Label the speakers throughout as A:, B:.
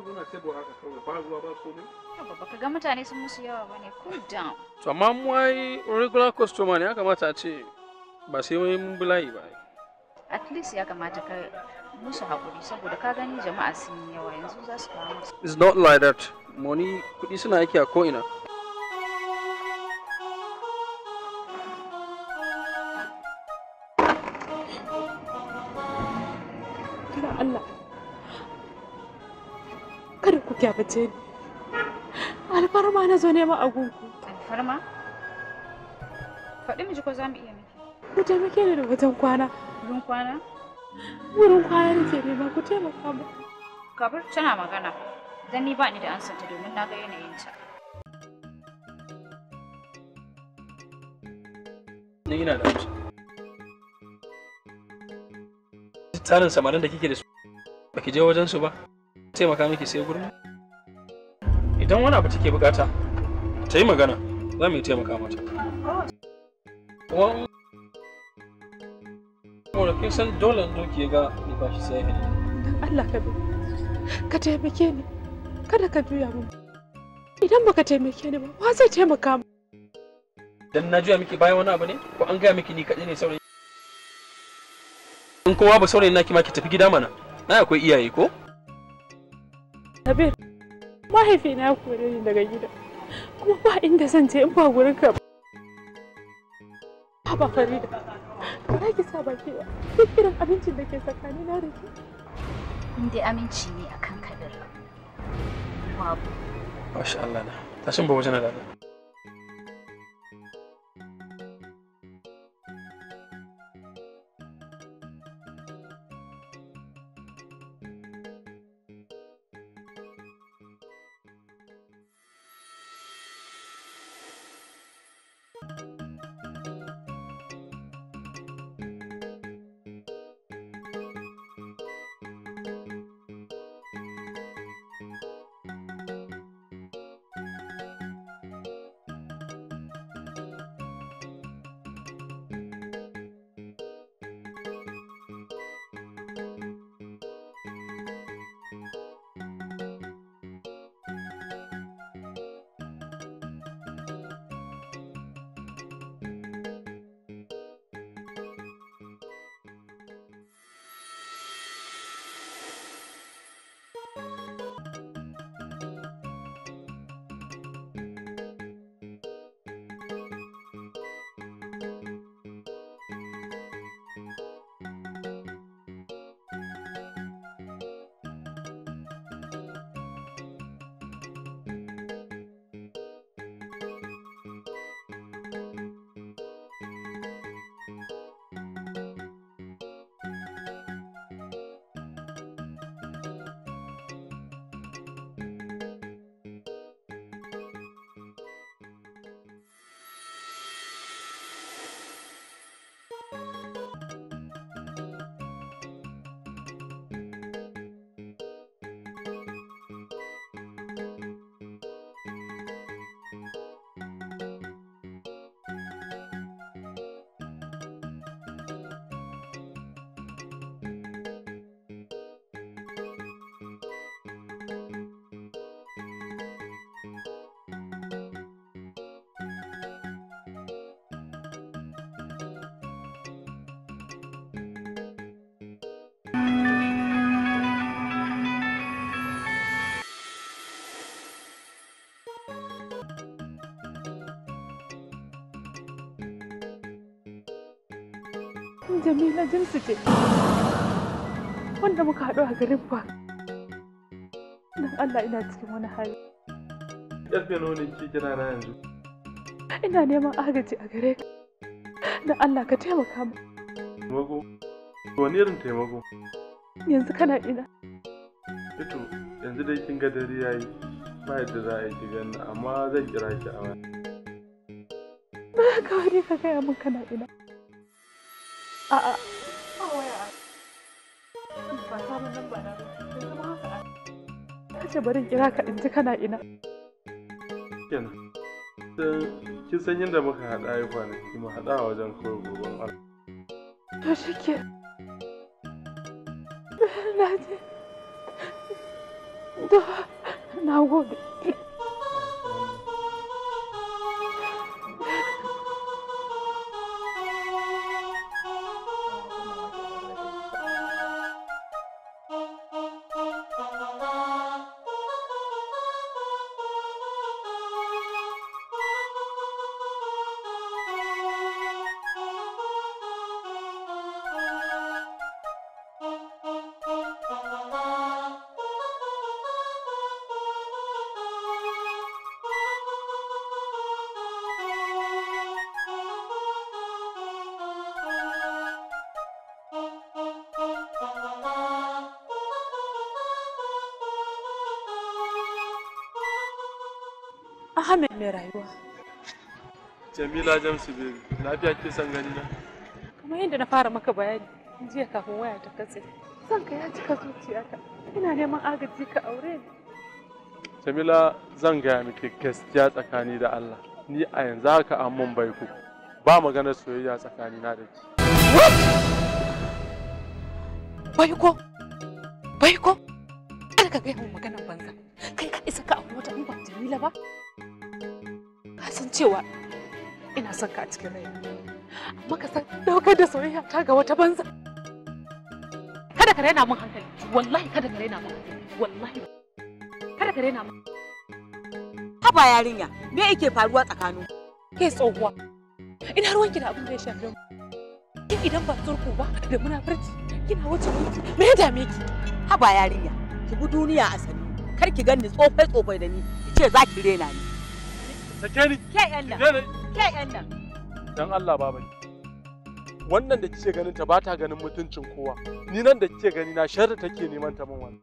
A: mu zauna tebur haka kawai ba ruwa ba komai.
B: Yaba baka ga mutane sun musu yawa ba ne cool down.
A: To amma mu ai regular customer ne ya kamata a ce ba sai wai mun bulayi ba.
B: At least ya kamata ka musu hakuri saboda ka gani jama'a sun yawa yanzu za su kawo musu. It's
C: not like that. Money kuɗi suna aiki a ko'ina. ina.
B: gabace ni alfarma na zo neman agungu. gunku alfarma faɗi miji ko za mu iya miki ku taimake ni da wajen kwana wurin kwana wurin kwana nake nema ku taimaka mu kabir tana magana dan ni ba ni da ta domin na ga yanayinta
C: ni ina da amsa tsarin samarin da kike da su baki je wajen su ba taimaka miki sai gurin idan wani abu take bukata ta yi magana za mu yi taimaka mata Wani
B: da san dole doki ya ga ni ba shi sai hali Allah ka bi ka taimake ni kada ka juya min idan baka taimake ni ba wa zai taimaka mu
C: dan na juya miki bayan wani abu ne ko an gaya miki ni kaɗai ne saurayi in kowa ba saurayi na ki ma ki tafi gida mana na akwai iyaye ko
B: Habib mahaifina ya kore ni daga gida kuma ba inda zan je in ba gurin ka ba farida ka ba ki sa ba ke ba duk irin abincin da ke tsakani na da ke in dai aminci ne
D: akan kabir babu
C: masha Allah na tashin ba wajen da
B: Jamila Jinsu ce. Wanda muka haɗu a garin ba. Don Allah ina cikin wani hali.
A: Ƙarfe nawa ne ke kira na yanzu?
B: Ina neman agaji a gare ka. Don Allah ka taimaka mu.
A: Taimako? ne irin taimako?
B: Yanzu kana ina.
A: Ito, yanzu dai kin ga dare yayi. Ba yadda za a yi shigan amma zan kira ki a wani.
B: Ba ka wani ka gaya min kana ina. A'a. Ba waya yeah. Ba Ta kira ka in kana ina.
A: Kenan. Dan kin san yadda muka haɗa ya kwanaki mu haɗa a wajen kawai goben Allah.
B: To shi ke. Na na gode. Muhammad mai rayuwa.
A: Jamila Jamsu baby, lafiya ke son gani na?
B: Kamar yadda na fara maka bayani, jiya kafin waya ta katse. Son ka ya cika zuciyata. Ina neman agaji ka aure ni.
A: Jamila zan gaya miki gaskiya tsakani da Allah. Ni a yanzu haka an mun baiko. Ba maganar soyayya tsakani na da ki.
B: Baiko? Baiko? Kada ka gaya mun maganar banza. Kai ka isa ka aure wata in ba Jamila ba? san cewa ina son ka a cikin rai amma ka san daukar da soyayya ta ga wata banza kada ka raina min hankali wallahi kada ka raina min wallahi kada ka raina min haba yarinya me yake faruwa tsakanin ke tsohuwa ina ruwanki da abin da ya shafe mu idan ba turku ba da muna farci kina wuce mu me ya dame ki haba yarinya ki bi duniya a sani kar ki ganni tsofai tsofai da ni ki ce za ki rena ni Sake ni. Ke yan nan. Ke yan nan.
A: Dan Allah babai. Wannan da kike ganin ta ba ta ganin mutuncin kowa. Ni nan da kike gani na sharri take neman ta min wannan.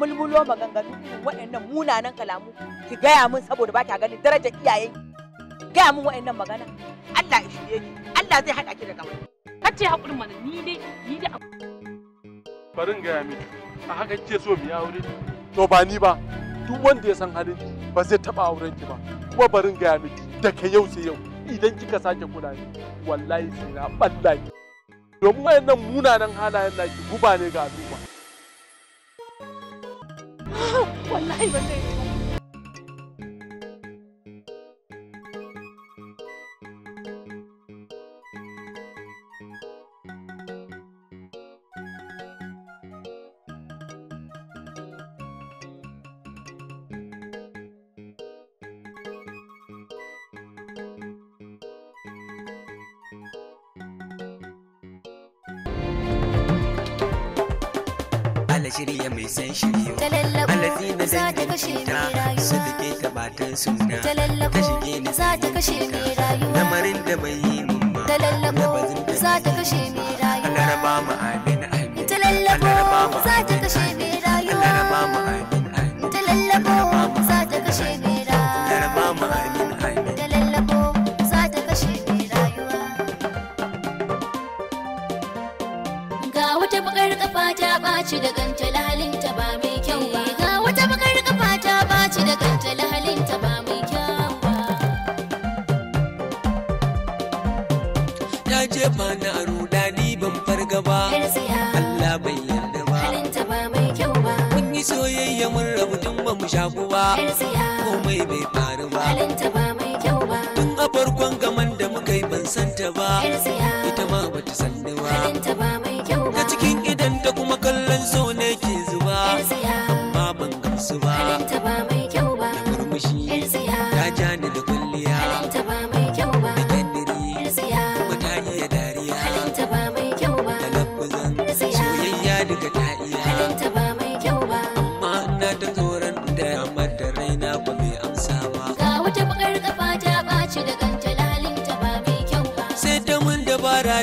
B: Mulmulo maganganu irin munanan kalamu ki gaya min saboda ba ta ganin darajar iyayen. Gaya min waɗannan magana. Allah ya shirye ki. Allah zai haɗa ki da gaba. Kace hakurin mana ni dai ni da
A: Barin gaya miki. A haka kike so mu yi aure? To ba ni ba. Duk wanda ya san halin ba zai taba auren ki ba kuma barin gaya miki daga yau sai yau idan kika sake kula ni wallahi sai na balla ki domin wayannan munanan halayen naki guba ne ga al'umma ah,
B: wallahi ban
E: kashe mai rayuwa su take ta suna ta lallabo za ta kashe mai rayuwa lamarin da bai yi mun ba ta lallabo za ta
D: kashe mai
E: rayuwa Allah raba mu amin amin ta lallabo za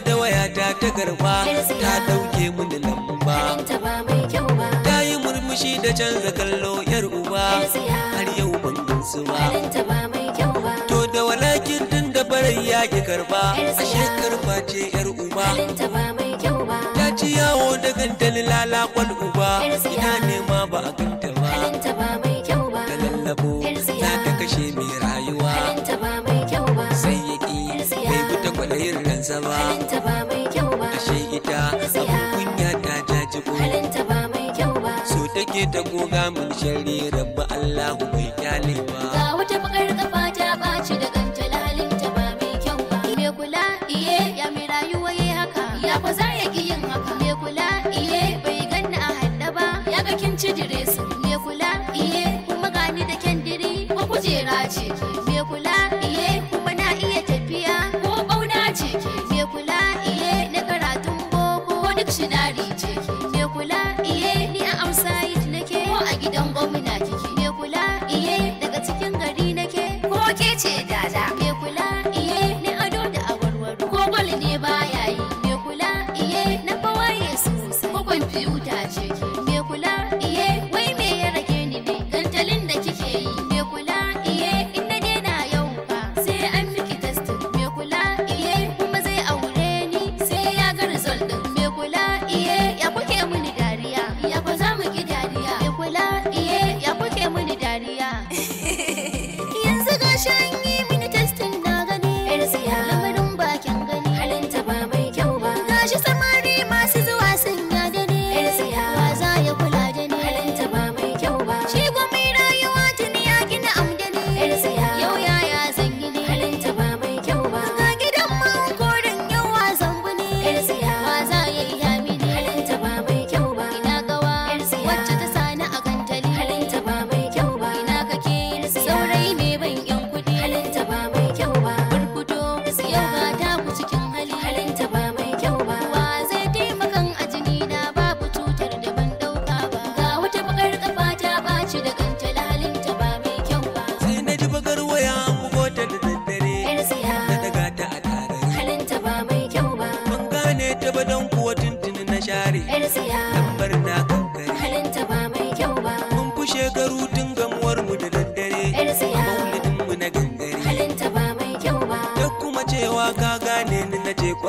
E: da waya ta ta garba ta dauke mini lamba ta yi murmushi da canza kallo yar uba har yau ban gansu ba to da walakin din da barai ya ki karba ashe karba ce yar
D: uba
E: ta ci yawo da lala lalakwal uba ina nema ba a zama halinta ba mai kyau ba ashe ita abin kunya ta jajibo halinta
D: ba mai kyau ba
E: so take ta goga mun sharri rabba Allahu mai kyale ba ga
D: wata bakar тебя.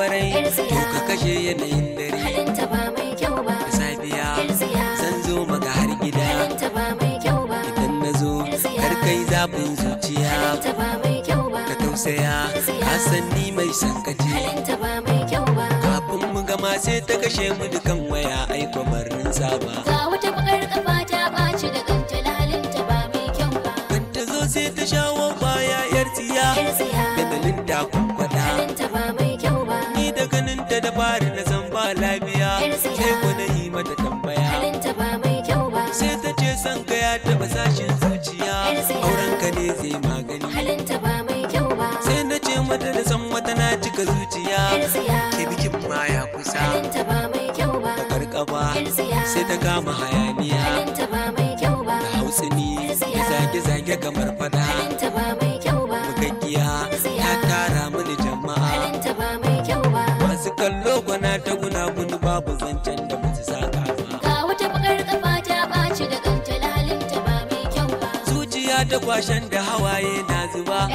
E: kwarai to ka kashe yanayin dare halinta ba mai kyau ba safiya zan zo har gida halinta
D: ba mai kyau ba idan na zo kar
E: kai zafin zuciya halinta
D: ba mai kyau ba ka
E: tausaya ka mai halinta
D: ba mai kyau ba
E: kafin mu gama sai ta kashe mu dukan waya ai kwabarin ba. san ka ya taba sashin zuciya auren ka ne zai magani
D: halinta ba mai kyau ba sai
E: na ce mata da san wata na cika zuciya ke bikin ma ya kusa halinta
D: ba mai kyau ba ta
E: karkaba sai ta kama hayaniya halinta
D: ba mai kyau ba hausa ne zage-zage
E: kamar fada halinta ba mai washen da hawaye na zuba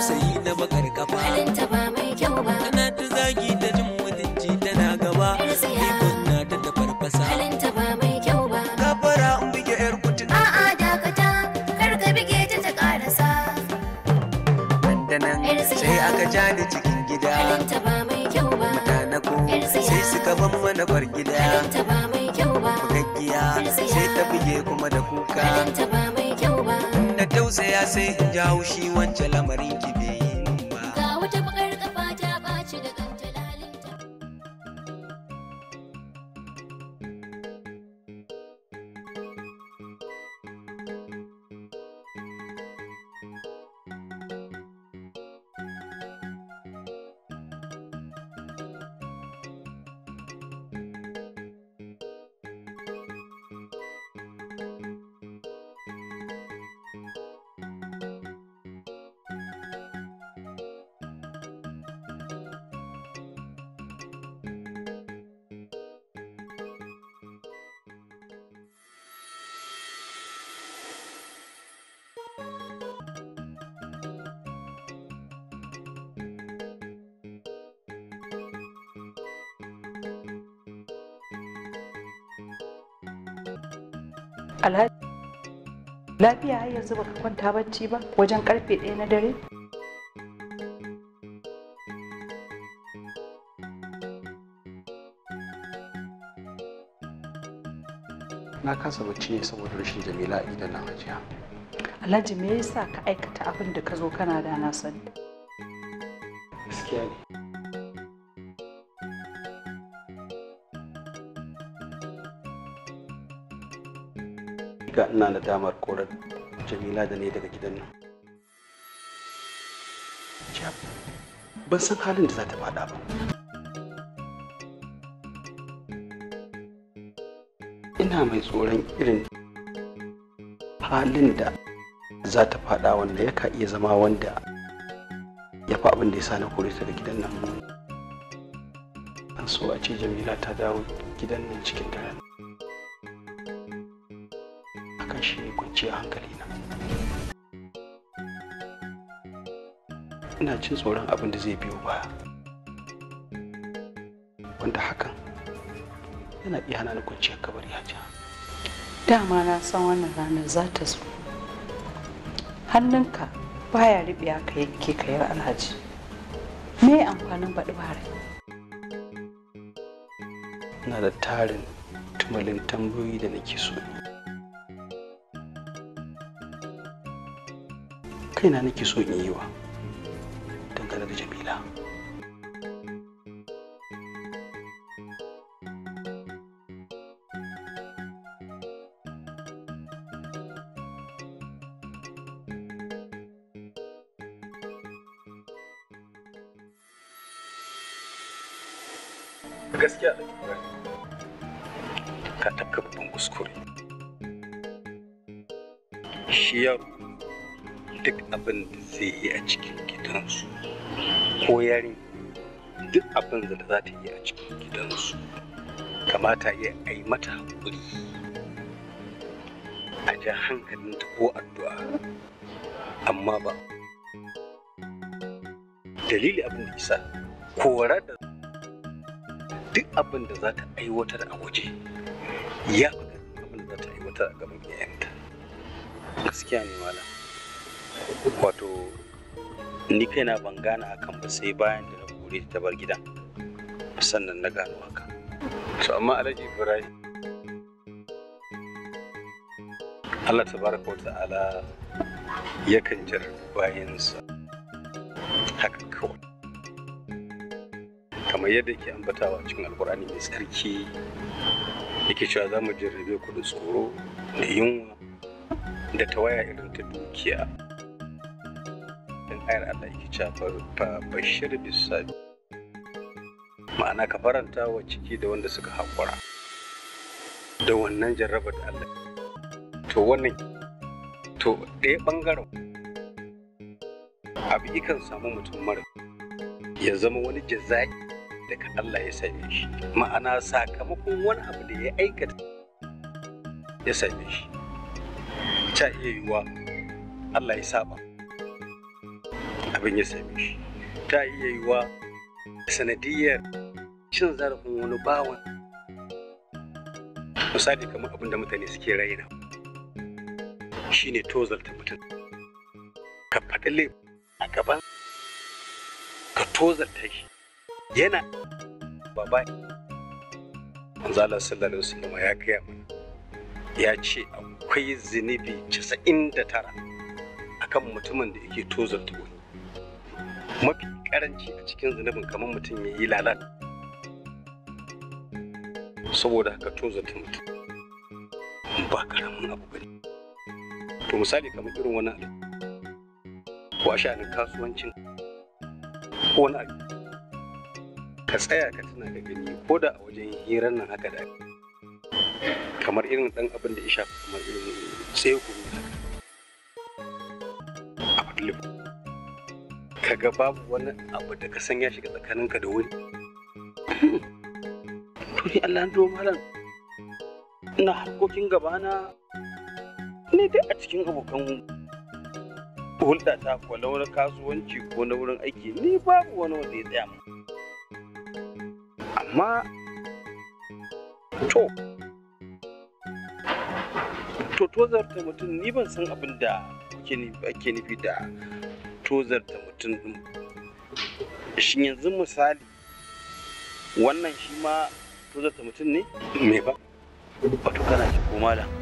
E: sai na bakar kafa tana ta zagi ta jin
D: mutunci tana gaba ikon na ta da farfasa kafara
E: in bige yar kutu
D: a'a dakata kar ka bige ta ta karasa
E: dandanan sai aka ja ni cikin gida mutane ko sai suka ban mana bar gida kyau sai ta buge kuma da kuka sai ya sai ja haushi wancan lamarin ki
B: lafiya har yanzu baka kwanta bacci ba wajen karfe ɗaya na dare
C: na kasa bacci ne saboda rashin jamila a gidan nan hajiya
B: alhaji me yasa ka aikata abin da ka zo kana da na sani
C: gaskiya ne Ina ina damar korar jamila da ne daga gidan nan ban san halin da za ta fada ba ina mai tsoron irin halin da za ta faɗa wanda ya ka iya zama wanda ya fi abin da ya sa na kore ta da gidan nan an so a ce jamila ta dawo gidan nan cikin daren Cin tsoron abin da zai biyo baya wanda hakan yana iya hana ni kwanciyar kabari hajiya
B: dama na san wannan ranar za ta zo hannunka baya riɓe
C: aka yanke kayar alhaji
B: me amfanin baɗi bare
C: Ina da tarin tumalin tambayoyi da nake so kaina nake so in yi wa gaskiya ka tafka babban kuskure shi yaro duk abin da zai yi a cikin gidansu ko yarin duk abin da za ta yi a cikin gidansu kamata ya a yi mata haƙuri a ja ta ko addu'a amma ba dalili abin da isa kora da duk abin da za ta aiwatar a waje
E: ya fi
C: abin da za ta aiwatar a gaban 'ya'yanta, gaskiya ne malam wato ni kaina ban gane hakan ba sai bayan da na kore ta bar gidan sannan na gano haka to amma alhaji ibrahim Allah tabaraka wa ta'ala yakan jar bayansa kamar yadda ke ambatawa cikin alkur'ani mai tsarki yake cewa za mu jarrabe ku da tsoro da yunwa da tawaya irin ta dukiya ayar Allah yake cewa fa bashir bisabi ma'ana ka faranta wa ciki da wanda suka haƙura da wannan jarraba da Allah to wannan to ɗaya ɓangaren abu ikan samu mutum mara ya zama wani jaza'i daga Allah ya same shi ma'ana sakamakon wani abu da ya aikata ya same shi ta iya yiwuwa Allah ya saba abin ya same shi ta iya yiwuwa sanadiyar cin zarafin wani bawan misali kamar abin da mutane suke raina shine tozalta mutum ka faɗi a gaban ka tozalta shi yana baba manzala sallallahu alaihi wasallam ya gaya mana ya ce akwai zunubi 99 akan mutumin da yake tozar wani mafi karanci a cikin zunubin kamar mutum ya yi lalata saboda haka tozar mutum ba karamin abu bane to misali kamar irin wani ko a kasuwancin ko wani ka tsaya ka tuna ka gani ko da a wajen hirar nan haka da kamar irin dan abin da ya shafi kamar irin sai tsego a fadlib ka ga babu wani abu da ka san ya shiga tsakaninka da wani to ni Allah ndo malam ina harkokin gabana ne dai a cikin abokan hulɗa ta ko na kasuwanci ko na wurin aiki ni babu wani wanda ya tsaya mun Ma to to tozarta mutum ni ban san abin da ake nufi da tozar da mutum din Shin yanzu misali wannan shi ma tozar da mutum ne me ba wato kana ci ko malam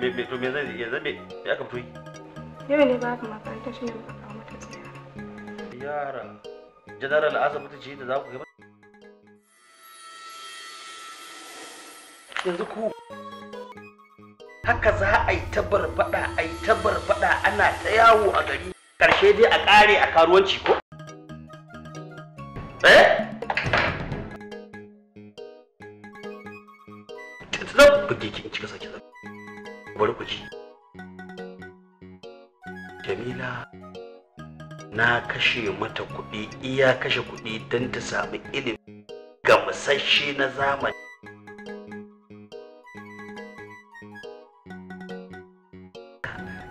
C: me me me to me zai ya zabe ya kamto yi
B: yau ne ba ka makaranta shi ne muka kawo mata
C: ziyara yaran jadaral asibiti ce da za ku gaba yanzu ku haka za a yi tabar fada a yi tabar fada ana ta yawo a gari ƙarshe dai a ƙare a karuwanci ko kashe mata kuɗi iya kashe kuɗi don ta sami ilimi ga musashi na zamani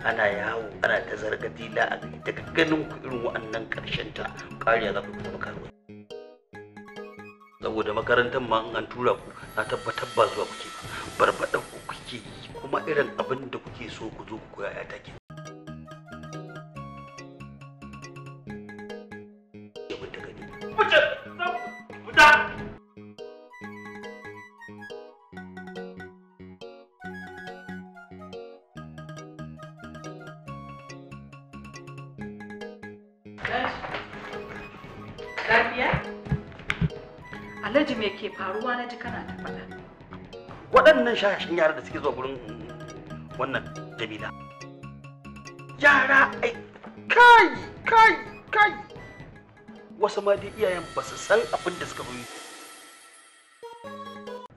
C: ana yawo ana ta dila a daga ganin ku irin wa'annan ƙarshen ta ƙariya za ku kuma makarwa saboda makarantar ma an tura ku na tabbatar ba zuwa kuke ba barbaɗa ku kuke kuma irin abin da kuke so ku zo ku koya ya take
B: Alhaji. me ke faruwa na ji kana ta faɗa?
C: Waɗannan shashashin yara da suke zuwa gurin wannan Jamila. Yara ai kai kai kai wasu ma dai iyayen ba su san abin da suka yi.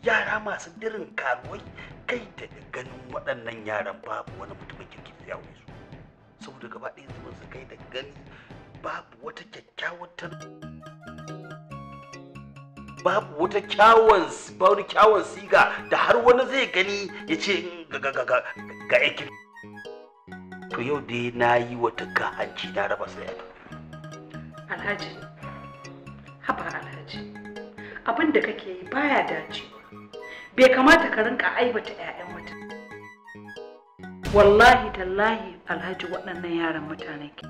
C: Yara masu dirin karuwai kai da ganin waɗannan yaran babu wani mutumin kirki da ya su. Saboda gaba ɗaya zuwan su kai da gani babu wata kyakkyawar babu wata kyawun babu kyawun siga da har wani zai gani ya ce ga ga ga ga ga to yau dai na yi wata hanci na raba sai
B: alhaji haba alhaji abin da kake yi baya dacewa bai kamata ka rinka aibata 'ya'yan mutum wallahi tallahi alhaji waɗannan yaran mutane ke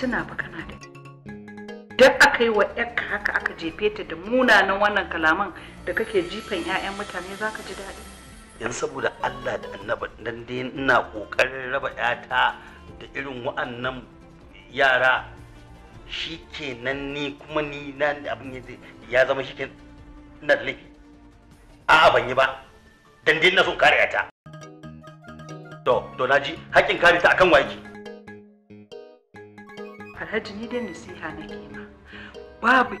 B: tuna ba kana da duk aka yi wa yakka haka aka jefe ta da munanan wannan kalaman da kake jifan 'ya'yan mutane za ka ji daɗi
C: yanzu saboda allah da annaba dan dai ina ƙoƙarin raba 'yata da irin wa'annan yara shi kenan ni kuma ni na abin ya zama shi kenan ina da laifi a'a ban yi ba dan dai ina son kare 'yata to to naji haƙƙin kare ta akan waye
B: alhaji ni dai nasiha na ma babu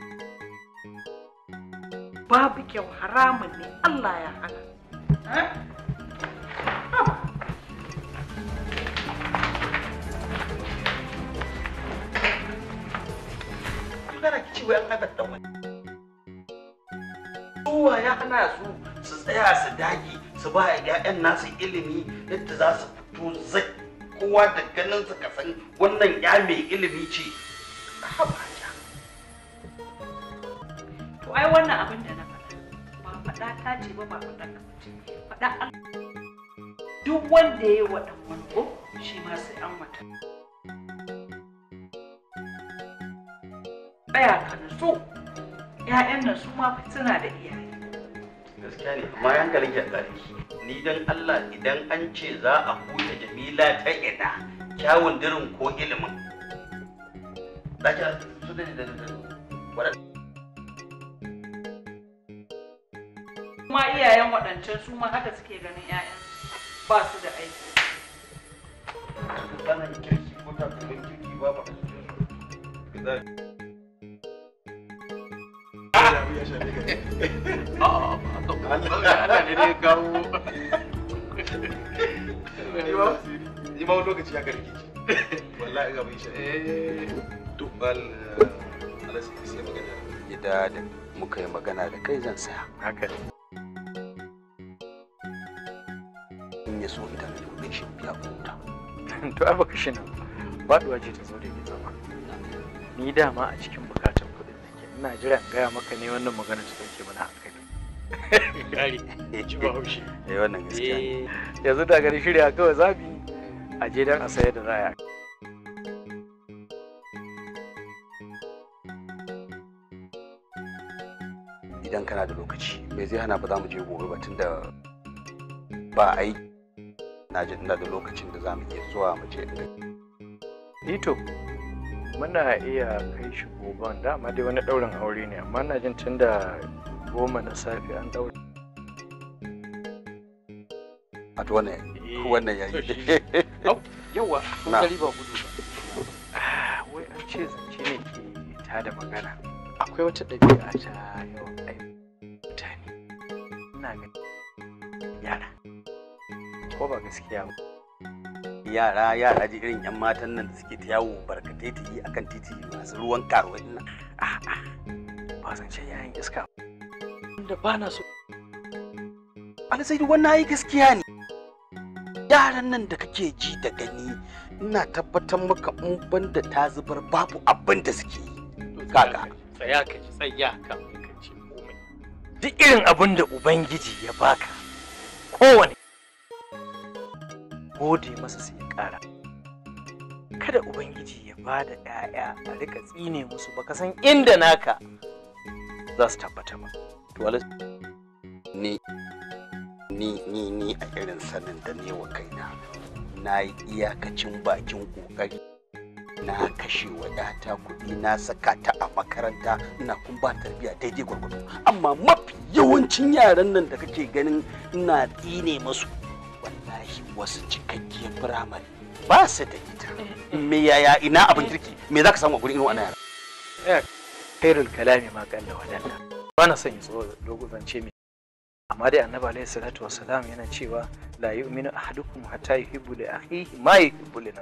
B: babu kyau haramun ne allah ya hana
C: magana eh? ki wai an wani. Kowa ya hana su su tsaya su dage su ba 'ya'yan nasu ilimi yadda za su fito zai kowa da ganin sa ka san wannan ya mai ilimi ce
B: to ai wannan abin da na faɗa ba faɗa ta ce ba ba faɗa ka ce faɗa duk wanda ya yi wa ɗan shi ma sai an wata tsaya ka so ‘ya’yan nan su ma suna da iyaye
C: gaskiya ne amma yankalin ya shi ni dan Allah idan an ce za a huta jamila ta ina kyawun dirin ko ilimin da su da da
B: kuma iyayen waɗancan su ma haka suke ganin 'ya'yan ba su da aiki tsanan
A: kirki ko takalmin kirki ba ba a ah!
C: Ida da muka magana da kai zan saya. Haka. In ya so idan shi biya kuɗa. To a baka shi nan. ce ta zo da ita ba. Ni dama a cikin bukatun kuɗin nake. Ina jiran gaya maka ne wannan magana su kake mana haka. Eh, wannan gaskiya. Eh. Yanzu da gari shirya kawai zabi a je dan a sayar da raya. Idan kana da lokaci, me zai hana ba za mu je gobe ba tunda ba aiki. Na ji ina da lokacin da za mu iya zuwa mu je. Ito, muna iya kai shi gobe dama dai wani ɗaurin aure ne amma na jin tunda goma na safe an daure a wannan eh, wannan yayi yawa ba gudu ba ah, wai an ce zance ne ke ta da magana akwai wata ɗabi'a ta yawan ai mutane ina ga yara ko ba gaskiya ba yara yara ji irin yan matan nan da suke ta yawo barkatai ta yi akan titi masu ruwan karuwa ina ah, ah. ba zance yayin iska da ba na so an sai wannan ai gaskiya ne yaran nan da kake ji da gani ina tabbatar maka mun banda da ta zubar babu abin da suke
E: Kaka. tsaya ka ji tsaya ka ka ce komai
C: duk irin abin da ubangiji ya baka kowane
E: gode masa sai ya kara kada ubangiji ya ba da 'ya'ya a rika tsine musu ka san inda naka za su tabbata ba
C: wala ni ni ni ni a irin sanin da ne wa kaina na yi iyakacin bakin kokari na kashe wa yata kuɗi na saka ta a makaranta ina kun ba tarbiyya daidai gwargwado amma mafi yawancin yaran nan da kake ganin ina tsine masu wallahi wasu cikakkiyar firamare ba su da ita me yaya ina abin kirki me za ka samu a gurin irin wannan yara eh, kairul kalami ma kalla Wadanda. ana son ya zo da dogon zance mai amma dai annabi alaihi salatu salam yana cewa la yu'minu ahadukum hatta yuhibbu li akhihi ma yuhibbu li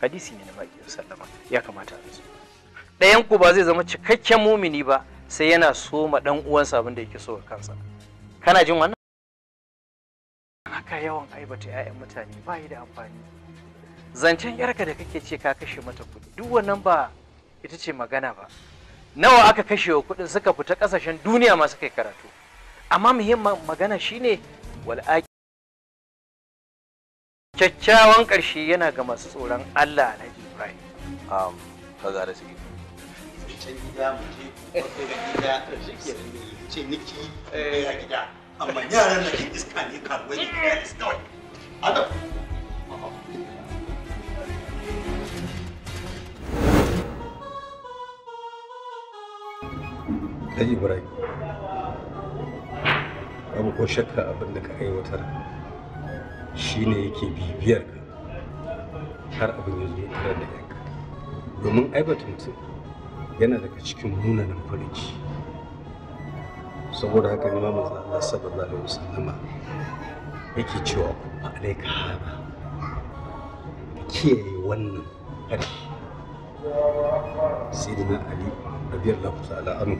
C: hadisi ne na maki sallama ya kamata a ɗayan ku ba zai zama cikakken mumini ba sai yana so ma dan uwansa abin da yake so kansa kana jin wannan haka yawan aibata 'ya'yan mutane ba yi da amfani zancen yarka da kake ce ka kashe mata kuɗi duk wannan ba ita ce magana ba nawa aka kashe wa kudin suka fita kasashen duniya masu kai karatu amma muhimmin magana shine wal'aki kyakkyawan karshe yana ga masu tsoron Allah na Ibrahim. ka zara su ido. Can gida mu je, gida, ce niki a gida. Amma yaran na iska ne karuwa ne, iska wai. Adam. Alhaji Ibrahim babu ko shakka abin da ka aiwatar shine yake bibiyar ka har abin ya zo tare da yanka domin aibata mutum yana daga cikin munanan farinci saboda haka ne mamu manzo Allah sallallahu alaihi yake cewa kuma alaika hada kiyaye wannan da na ali radiyallahu ta'ala anhu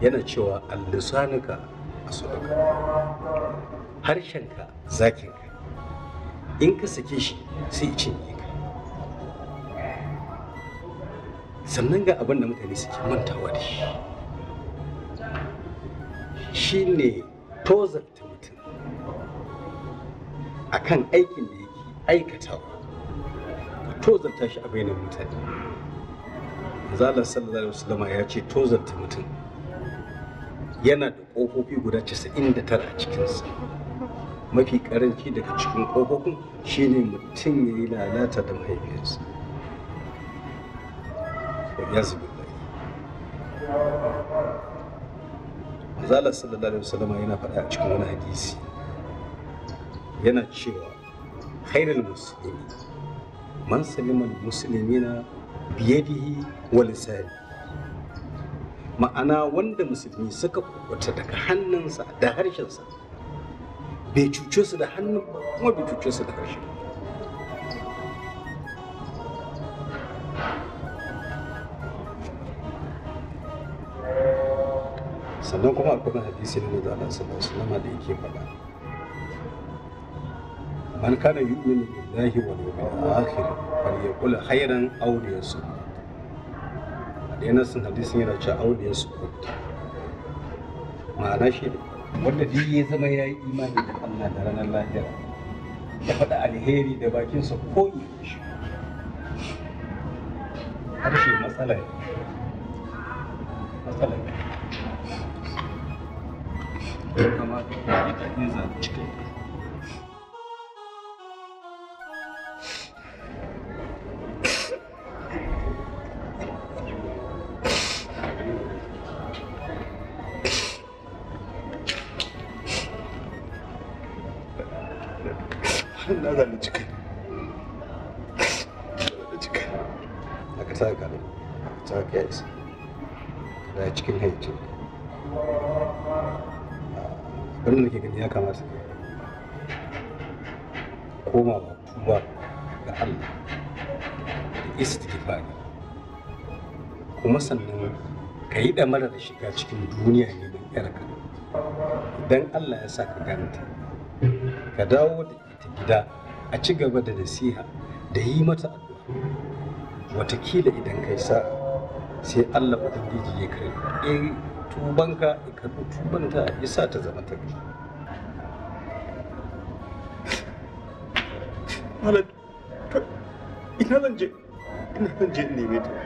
C: yana cewa allisanuka a sadaka harshenka zakin ka, in ka sake shi sai cinye ka sannan ga abin da mutane suke mantawa da shi shi ne tozarta mutum a kan aikin da yake aikatawa ka tozarta shi a bainar mutane zala sallallahu alaihi wasallama ya ce tozarta mutum yana da ƙofofi guda 99 a cikinsa mafi karanci daga cikin ƙofofin shine mutum ya yi lalata da mahaifiyarsa ya zubi bai zala sallallahu alaihi wasallam yana faɗa a cikin wani hadisi yana cewa khairul muslimi man salima al-muslimina biyadihi wa lisanihi ma'ana wanda musulmi suka kubuta daga hannunsa da harshensa bai cuce su da hannun kuma bai cuce su da harshen sannan kuma kuma hadisi na manzo Allah sallallahu alaihi wasallam da yake faɗa man kana yu'minu billahi wal yawmil akhir falyaqul khairan aw liyasmut da yana sun hadisin yana cewa audiyan su kuta ma'ana shi ne wanda duk ya zama ya yi imani da Allah da ranar lahira ya faɗa alheri da bakinsa ko shi harshe matsala ne da shiga cikin duniya neman yarka idan allah ya sa ka ganta ka dawo da ita gida a ci gaba da nasiha da yi mata addu'a watakila idan kai sa sai allah ubangiji ya karbi eh, tubanka ya karbi tubanta ya sa ta zama ta
A: ina zan je ina zan je
C: neme ta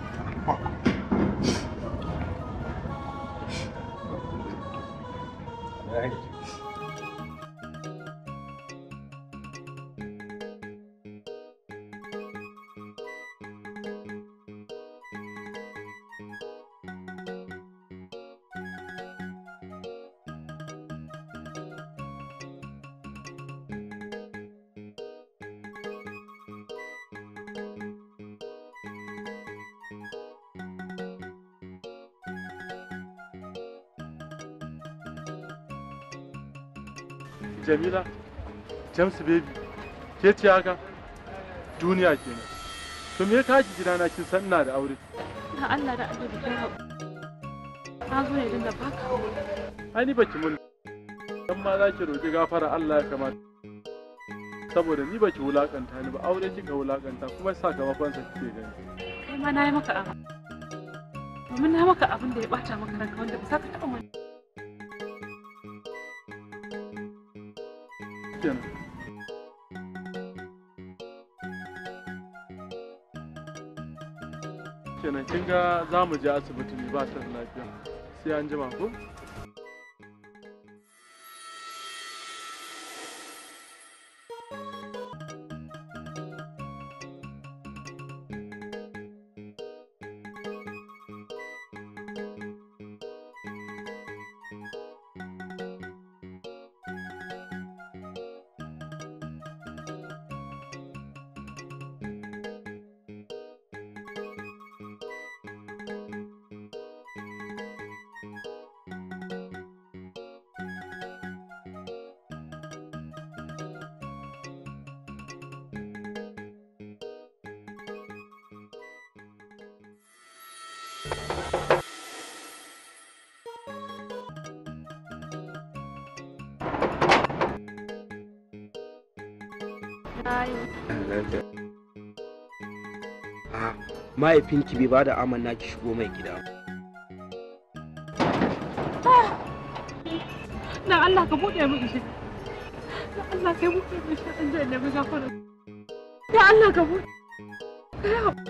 C: 不
A: jamila james baby ke ce haka duniya kenan to me ka ji gidana kin san ina da aure
B: na Allah da aure da na zo ne din da baka
A: ai ni baki mun dan ma za ki roki gafara Allah ya kamata saboda ni baki wulakanta ni ba aure kika wulakanta kuma sakamakon sa kike gani
B: kai ma na yi maka abu Mun na maka abin da ya bata maka ranka wanda ba za ka taɓa mani pena.
A: Kenan kin ga za mu je asibiti ba ta lafiya. Sai an jima ko?
C: mahaifinki bai da amanna ki shigo mai gida.
B: Na Allah ka buɗe mu ishe. na Allah ka buɗe mu ishe an zai nemi gafara. na Allah ka buɗe.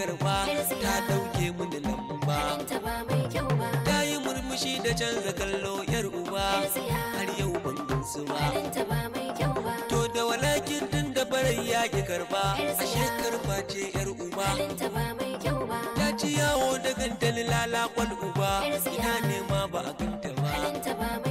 E: garba ta dauke mini lamba ta yi murmushi da canza kallo yar uba har yau ban gansu ba to da walakin din da barai ya ki karba a karba ce yar uba ta ci yawo da gantalin kwal uba ina nema ba a ganta ba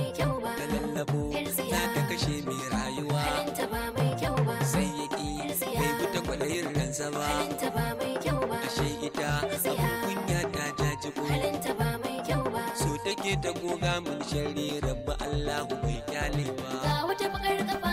E: ke ta goga mun shari rabba Allahu mai kyalewa. Ga
D: wata bakar kafa